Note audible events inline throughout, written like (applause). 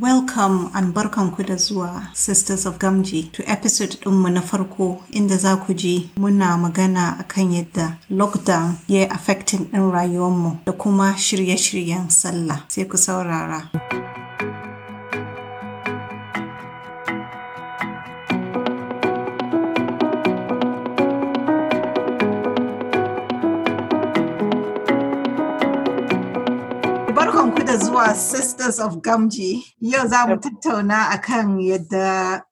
Welcome and barkanku da zuwa Sisters of Gamji to episode ɗinmu na farko inda za ku ji muna magana akan yadda lockdown ya yi affecting ɗin rayuwarmu da kuma shirye-shiryen sallah sai ku saurara. our Sisters of Gamji. Yau za mu tattauna akan yadda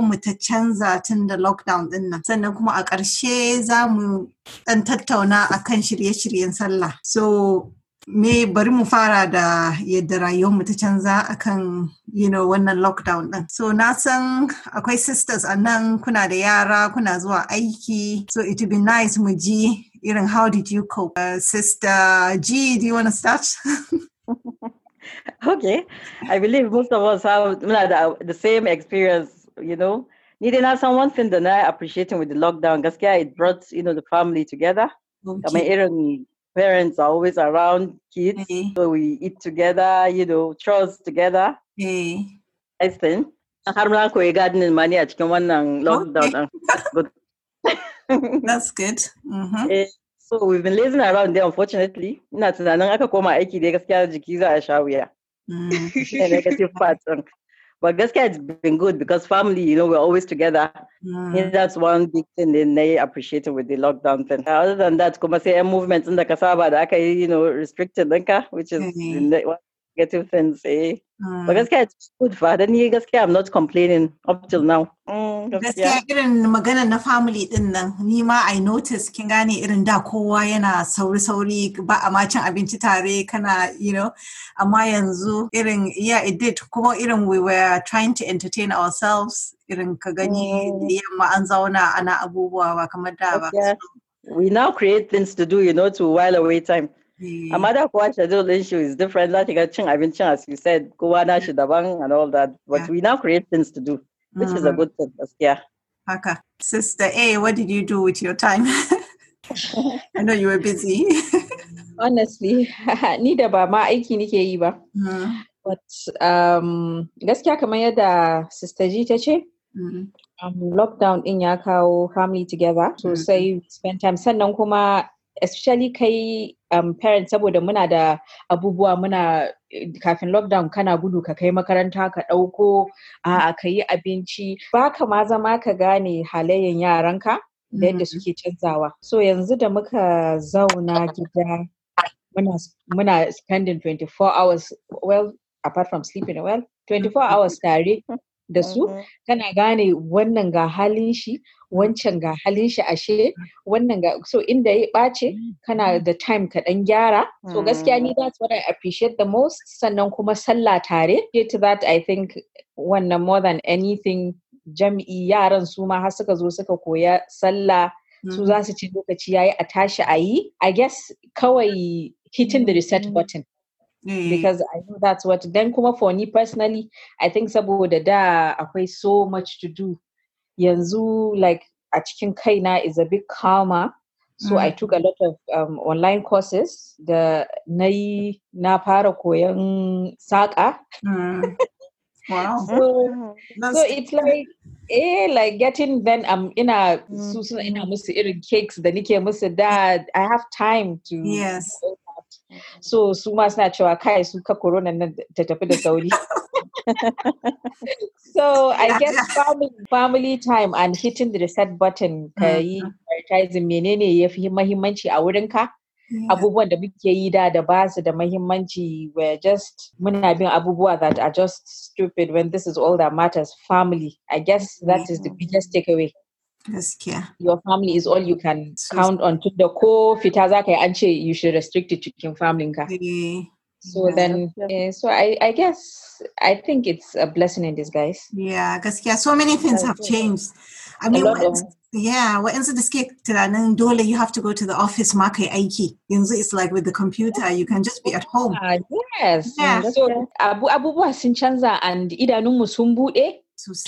mu ta canza tun da lockdown din nan. Sannan kuma a ƙarshe za mu ɗan tattauna akan shirye-shiryen sallah. So, me bari mu fara da yadda mu ta canza akan you know wannan lockdown din so na san akwai sisters a nan kuna da yara kuna zuwa aiki so it would be nice mu ji irin how did you cope uh, sister g do you want to start (laughs) (laughs) okay. I believe most of us have the same experience, you know. Needing out someone fin the night appreciating with the lockdown. yeah, it brought, you know, the family together. Okay. Oh, I mean, Aaron, parents are always around kids. Okay. So we eat together, you know, chores together. Okay. Nice thing. gardening ma a one, lockdown. (laughs) (laughs) That's good. Mm-hmm. Eh, so we've been lazing around there unfortunately. Ina tunanin aka koma aiki dai gaskiya jiki za a sha wuya. Mm. (laughs) Negative parts But gaskiya it's been good because family, you know, we're always together. Mm. that's one big thing they appreciate appreciated with the lockdown thing. Other than that, kuma sai Movement in the kasaba da aka yi, you know, restricted ɗinka, which is mm -hmm. the, one negative things, eh? Mm. But gaskiya good fa dan ni gaskiya I'm not complaining up till now. Mm, gaskiya irin magana na family din nan ni ma I notice kin gane irin da kowa yana sauri sauri ba a ma cin abinci tare kana you know amma yanzu Iring, yeah it did kuma iring, we were trying to entertain ourselves Iring ka gani mm. yamma an ana abubuwa ba We now create things to do, you know, to while away time. Another Amada kowa issue is different. Like a I've been chin, as you said, kuwana shidabang and all that. But yeah. we now create things to do, which mm. is a mm-hmm. good thing. Yeah. Okay. Sister A, what did you do with your time? (laughs) I know you were busy. (laughs) Honestly, (laughs) ni da ba ma aiki ni yi mm-hmm. But um, gaskiya kamar yadda Sister G ta ce, mm-hmm. um, lockdown in ya kawo family together. So mm -hmm. spend time. Sannan kuma especially kai um, parents saboda muna da abubuwa muna kafin lockdown kana gudu ka kai makaranta ka ɗauko a ka yi abinci ba ka ma zama ka gane halayen yaranka da yadda mm-hmm. suke canzawa so yanzu da muka zauna gida muna, muna spending 24 hours well apart from sleeping well 24 mm-hmm. hours tare da su mm-hmm. kana gane wannan ga halin shi wancan ga halin shi ashe wannan ga so inda ya ɓace kana mm-hmm. da time ka dan gyara so gaskiya ni mm-hmm. that's what I appreciate the most sannan kuma sallah tare to that I think wannan more than anything jam'i yaran su ma har suka zo suka koya sallah su zasu ci lokaci yayi a tashi a yi i guess kawai hitting the reset button Eh. Because I know that's what then kuma for me personally, I think saboda da akwai so much to do. Yanzu like a kaina is a bit calmer. So mm. I took a lot of um, online courses. The nayi na fara koyan saƙa. Mm. Wow. (laughs) so, so it's like eh like getting then um in a mm. Susan in a musu irin cakes the nike musa dad. I have time to yes so su ma suna cewa kai su ka corona nan ta tafi da sauri (laughs) so I guess family, family time and hitting the reset button ka mm. yi prioritizing menene ya fi mahimmanci a wurinka abubuwan da muke yi da da ba su da mahimmanci were just muna bin abubuwa that are just stupid when this is all that matters family I guess that is the biggest takeaway gaskiya your family is all you can count on The ko fita za ka yi an ce you should restrict it cikin family, ka eh, so yeah. then yeah, eh, so I, I guess i think it's a blessing in disguise yeah gaskiya so many things have changed i mean yeah wa'yansu da suke tunanin dole you have to go to the office ma kai aiki yanzu it's like with the computer you can just be at home uh, yes yeah. Mm, so abubuwa sun canza and idanunmu sun bude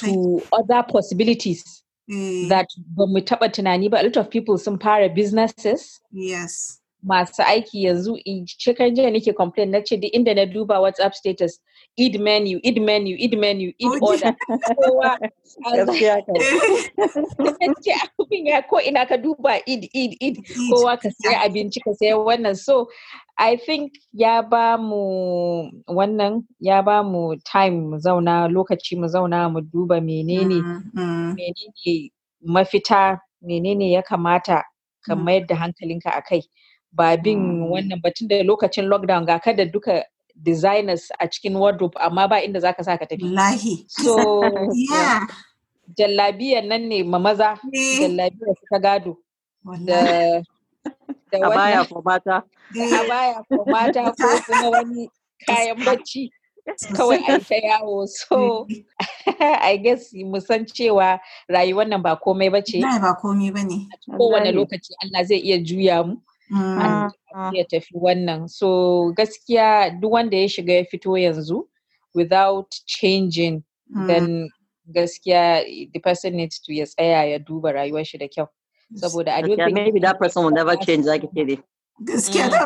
to other possibilities Mm. that we mu taɓa tunani ba a lot of people some fara businesses yes masu aiki yanzu cikin jiya nake complain na ce inda na duba whatsapp status id menu id menu id menu id oh, order (laughs) (laughs) ko ina ka duba id id id kowa ka saya abinci ka saya wannan so i think ya ba mu wannan ya ba mu time mu zauna lokaci mu zauna mu duba menene mm-hmm. menene mafita menene ya kamata ka mm. mayar da hankalinka a kai ba bin mm. wannan ba tun da lokacin lockdown ga kada duka designers a cikin wardrobe amma ba inda zaka sa ka tafi lahi so (laughs) jallabiyan nan ne ma maza eh. jallabiyan suka gado da eh. baya ko mata (laughs) ko mata ko kuma wani kayan bacci kawai a ta yawo so (laughs) i guess mu san cewa rayuwar nan ba komai bace ba komai bane kowane lokaci Allah zai iya juya mu Mm. ya tafi wannan so gaskiya duk wanda ya shiga ya fito yanzu without changing mm. then gaskiya the person needs to ya tsaya ya duba rayuwar shi da kyau saboda i don't think maybe that person will never change zaki ce dai mm. gaskiya da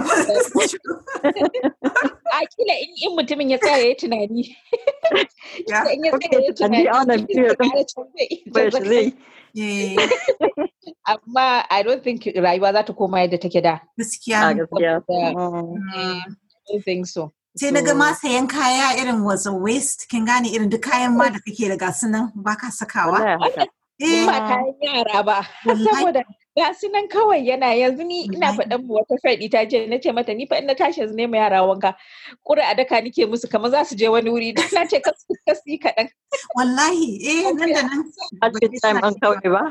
a kila in in mutumin ya tsaya ya tunani (laughs) in ya tsaya ya tunani zai (laughs) amma I don't think rayuwa za ta koma yadda take da. Gaskiya. Mm. I think so. Sai na gama ma sayan kaya irin was a waste, kin gane irin duk kayan ma da kake da gasu nan ba ka sakawa. Eh. Ba kayan yara ba. Saboda gasu nan kawai yana yanzu ni ina faɗan mu wata faɗi ta je na ce mata ni fa na tashi yanzu ne mu yara wanka kura a daka nike musu kamar za su je wani wuri duk na ce kasu kasu kaɗan. Wallahi eh nan da nan. At the time an kawai ba.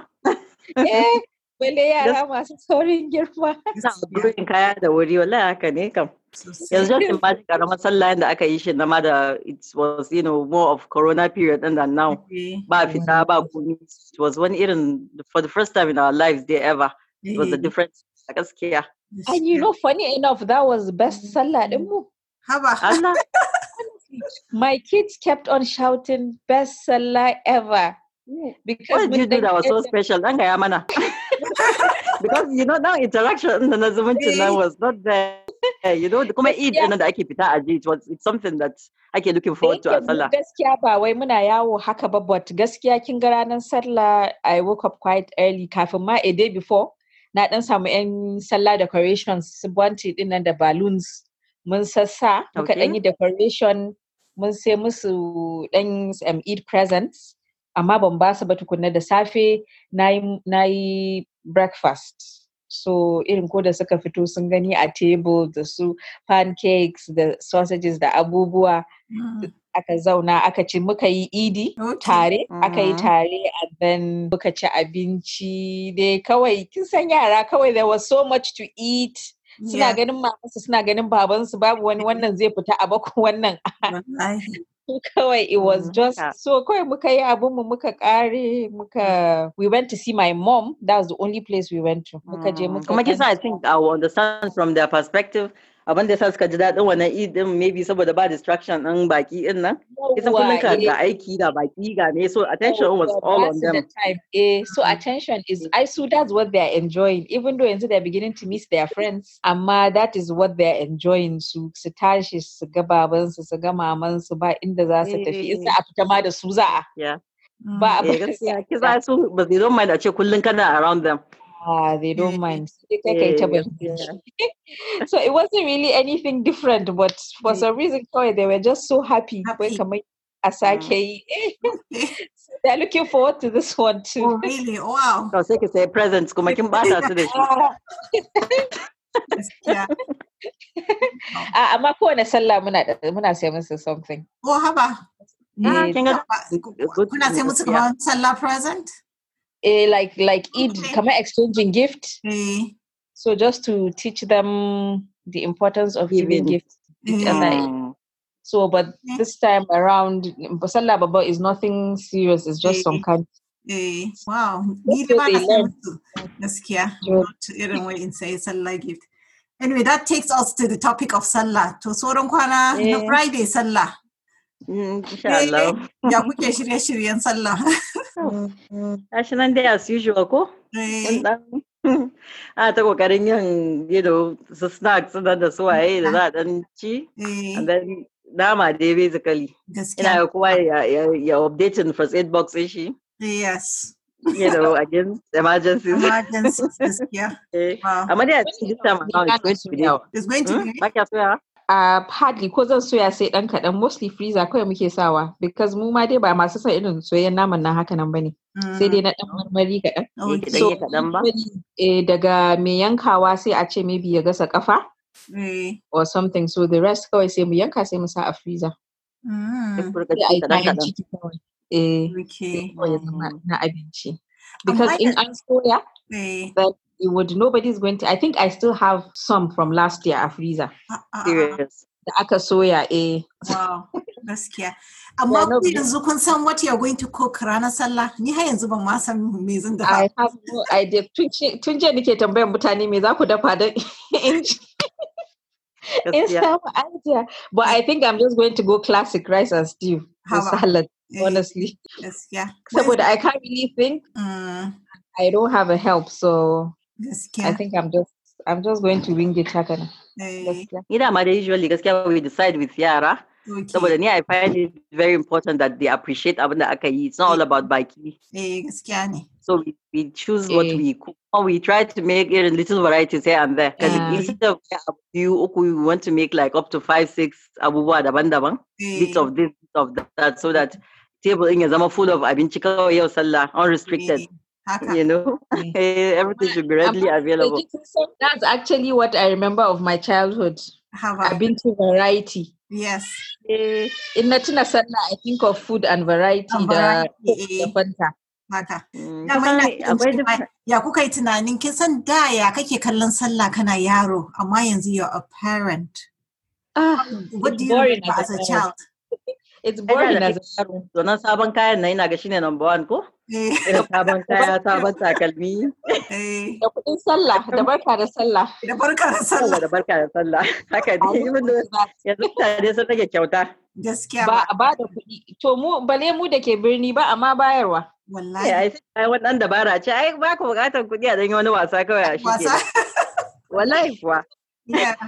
eh balle yara masu saurin girma za a burin kaya da wuri wallahi haka ne kam yanzu just imagine karamar sallah da aka yi shi na ma it was you know more of corona period and then now ba fita ba kuni it was one even for the first time in our lives there ever it was a different gaskiya and you know funny enough that was best sallah din mu my kids kept on shouting best sallah ever because what did you do that was so them. special? (laughs) because you know now interaction na zumunci na was not there. You know, the Eid yeah. da ake fita a it was it's something that I can looking forward to a sallah. Gaskiya ba wai muna yawo haka ba but gaskiya kin ga ranar sallah I woke up quite early kafin ma a day before na dan samu yan sallah decorations wanti din nan da balloons mun sassa muka dan yi decoration mun sai musu dan um, Eid presents amma ban ba su ba tukunna da safe na yi breakfast so irin ko da suka fito sun gani a table da su pancakes da sausages da abubuwa mm. aka zauna aka ci muka yi idi tare aka yi mm. tare a then muka ci abinci dai kawai kin san yara kawai there was so much to eat suna ganin mamansu suna ganin babansu babu wani wannan zai fita a baku (laughs) wannan (laughs) kawai it was mm, just yeah. so kawai muka yi muka kare muka we went to see my mom that was the only place we went to muka je mm, muka kuma i think i will understand from their perspective abin da sa suka ji daɗin wannan eat din maybe saboda ba distraction ɗin baki din nan a kullum ka eh. ga aiki da baki ga me so attention was all on them Eh, so attention is i so that's what they are enjoying even though yanzu they're beginning to miss their friends amma that is what they are enjoying su su tashi su ga baban su su ga maman su ba inda za su tafi in a fita ma da su za a ba eh, a kiza su ba don ce kana around them Ah, they don't (laughs) mind. (laughs) so it wasn't really anything different, but for mm. some reason, they were just so happy. happy. (laughs) they're looking forward to this one too. Oh, really? Wow. I was can say presents. Kuma kimbata today. Ah. Yeah. Ah, amma ko na sallah muna muna sai musu something. Oh, haba. Kuna sai musu kamar sallah present? eh, like like Eid, okay. come exchanging gift. Mm. So just to teach them the importance of giving, giving gifts. Mm. So, but mm. this time around, Sallah Baba is nothing serious. It's just some eh. kind. Eh, wow, ni da ba ka san su gaskiya irin wa'in sai sallah gift. Anyway, that takes us to the topic of sallah. To sauran kwana na Friday sallah. Mm, insha eh, Allah. Ya (laughs) kuke shirye-shiryen sallah. (laughs) Gashi nan dai as usual ko? Ah, ta kokarin yin gido su snacks na da su waye da za a dan ci. Dama dai basically. Ina ga kowa ya updating first aid box din shi. Yes. You know, again, emergencies. Emergencies, yeah. Wow. Amma dai a cikin this time around it's going to be out. It's going to be. Back kya so a hardly ko zan soya sai ɗan kaɗan mostly freezer kawai muke sawa because mu ma dai ba masu sa irin soyayyen naman nan haka nan bane sai dai na dan mm. marmari kaɗan oh, so eh, daga mai yankawa sai a ce maybe ya gasa kafa eh. or something so the rest kawai sai mu yanka sai mu sa a freezer na abinci because in an soya eh. you would nobody's going to. I think I still have some from last year, Afriza. uh Serious. The Akasoya soya eh. Wow, gaskiya. (laughs) Amma ku yanzu kun san what you're going to cook ranar sallah? Ni har yanzu ban ma san me zan dafa. I have no idea. Tun jiya nake tambayar mutane me za ku dafa don in some (laughs) idea. But I think I'm just going to go classic rice and stew and salad, eh, honestly. Yes, yeah. But I can't really think. Mm. I don't have a help, so I think I'm just I'm just going to wing it haka nan. Ni da ma usually because we decide with yara. So but yeah, I find it very important that they appreciate abin akai. It's not all eh. about baki. Eh gaskiya ne. So we, we choose what eh. we cook. we try to make it little varieties here and there. Because yeah. instead of you uku, we want to make like up to five, six abuwa daban-daban. Eh. Bits of this, bits of that, so that table in ya zama full of abinci kawai yau sallah unrestricted you know (laughs) (laughs) everything should readily available that's actually what i remember of my childhood have I? i've been to variety yes uh, in natina sana i think of food and variety, variety da, eh. da Mata. Mm, ya kuka yi tunanin kin san da ya kake kallon sallah kana yaro amma yanzu you're a parent. Ah, what do you as a child? It's boring as a child. Eh, Donan sabon kayan na ina ga shine number one ko? Eh. da sabon kaya sabon takalmi eh. da kudin sallah da barka da sallah da barka da sallah da barka da sallah haka ne yanzu tare sun rage kyauta gaskiya ba ba da kuɗi to mu bale mu da ke birni ba amma bayarwa wallahi eh, ai ai wannan dabara ce ai ba ku bukatar kuɗi a dan wani wasa kawai a shi wasa wallahi kuwa (laughs)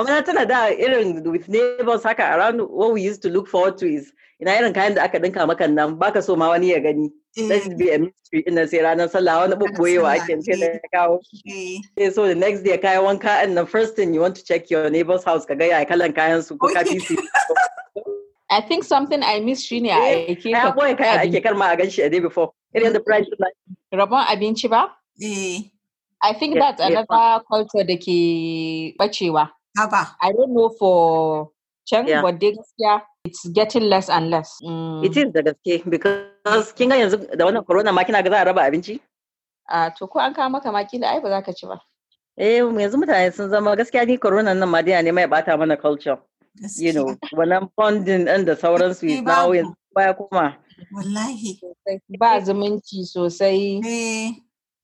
I gwamnatin that irin with neighbors haka around what we used to look forward to is in irin kind of aka dinka makan baka so ma wani ya eh. let it be a mystery ina sai ranar sallah wani bubboyewa ake ce da eh. kawo eh. so the next day kayan wanka and the first thing you want to check your neighbor's house kayan (laughs) I think something I miss shine I came ka boye kaya ake karma a ganshi a day before It's the price na rabon abinci ba I think that's another culture that Ki Bachiwa. Haba. I don't know for can yeah. but just, yeah. it's getting less and less. Mm. It is da gaske because kin ga yanzu da wannan corona ma kina ga za a raba abinci? Ah to ko an kawo maka ma kila ai ba za ka ci ba. Eh yanzu mutane sun zama gaskiya ni corona nan ma dai ne mai bata mana culture. You know, wannan funding din da sauransu is now yanzu baya kuma. Wallahi. Ba zumunci sosai. Eh.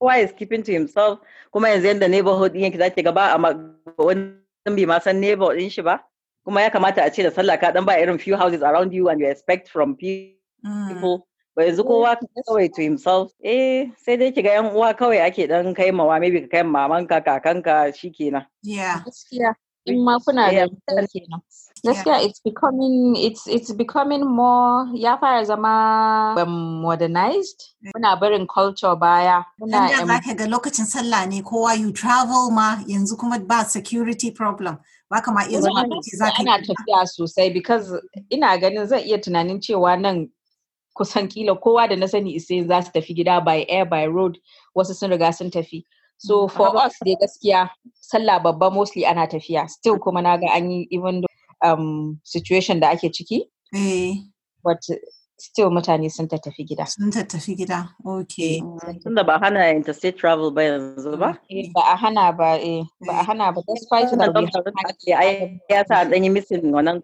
Kowa is keeping to himself kuma yanzu yadda neighborhood yanki zake ga ba a wani bai ma san neighbor din shi ba kuma ya kamata a ce da sallah ka dan ba irin few houses around you and you expect from mm. people ba yanzu kowa kawai to himself eh sai dai kiga yan uwa kawai ake dan kai mawa maybe ka kai mamanka kakanka shikenan yeah gaskiya in ma kuna eh, da kenan Gaskiya yeah. it's becoming it's it's becoming more ya fara zama um, modernized. Muna barin culture baya. Muna da zaka ga lokacin sallah ne kowa you travel ma yanzu kuma ba security problem. Ba kama iya zuwa za ka Ana tafiya sosai because ina ganin zan iya tunanin cewa nan kusan kila kowa da na sani sai za su tafi gida by air by road wasu sun riga sun tafi. So mm. for us dai gaskiya sallah babba mostly ana tafiya still kuma na ga an yi even um, situation da ake ciki eh but still mutane sun tafi gida. Sun tafi gida, ok. Eh, mm, tunda ba hana interstate travel ba yanzu ba? Eh, ba a hana ba, eh ba a eh. hana ba. Despite that we have ya sa dan yi missing wannan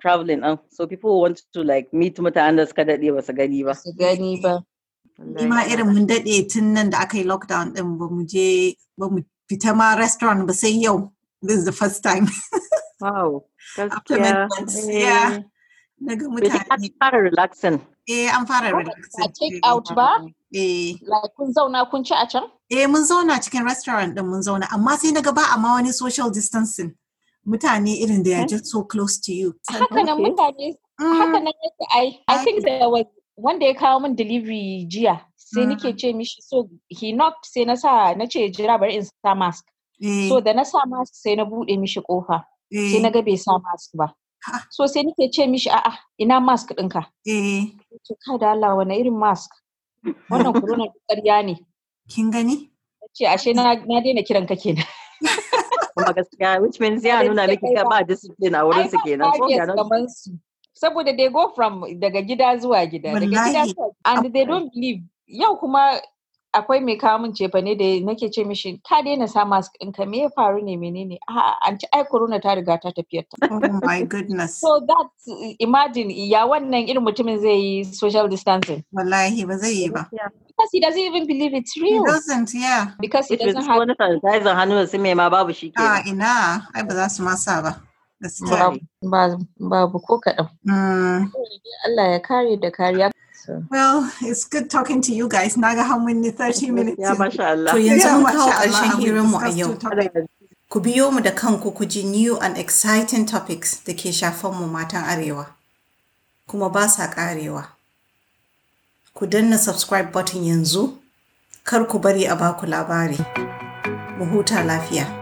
traveling din. So people want to like meet mutanen da suka dade ba su gani ba. Su gani ba. Ima irin mun dade tun nan da aka yi lockdown din ba mu je ba mu fita ma restaurant ba sai yau. This is the first time. (laughs) Wow. Gaskiya. Yeah. Daga mutane. fara relaxing. Eh, an fara relaxing. A ba? Eh. Like kun zauna kun ci Eh, mun zauna cikin restaurant din mun zauna, amma sai naga ba amma wani social distancing. Mutane irin da are hmm? just so close to you. Haka nan mutane, mm. haka nan yake ai. I think there was one day kawo min delivery jiya. Sai mm. nake ce mishi so he knocked sai na sa na ce jira bari in sa mask. Eh. So da na sa mask sai na bude mishi kofa. Eh. sai na ga bai sa mask ba so sai nake ce mishi a'a ina mask ɗinka eh. ce ka da Allah wani irin mask wannan corona ƙarya ne kin gani ce ashe na daina kiran ka kenan (laughs) kuma gaskiya which means ya nuna miki ka ba discipline a wurin su kenan ko ga nan saboda they go from daga gida zuwa gida daga gida and they don't believe yau kuma akwai mai kawo min ne da nake ce mishi ka daina sa mask ɗinka me ya faru ne menene a ci ai corona ta riga ta tafiya ta (laughs) oh my goodness so that imagine ya wannan irin mutumin zai yi social distancing wallahi ba zai yi ba because he doesn't even believe it's real he doesn't yeah because he doesn't have wani sanitizer hannun su mai ma babu shi ah, ke a ina ai ba za su ma sa ba Babu, babu ko kaɗan mm. Allah ya kare da kariya So. Well, it's good talking to you guys. Na ga hamun 30 minutes. Ya masha Allah. To yanzu mun kawo ƙarshen hiranmu a yau. Ku biyo mu da kanku ku ji new and exciting topics da ke shafan mu matan Arewa. Kuma ba sa ƙarewa. Ku danna subscribe button yanzu. Kar ku bari a baku labari. Mu huta lafiya.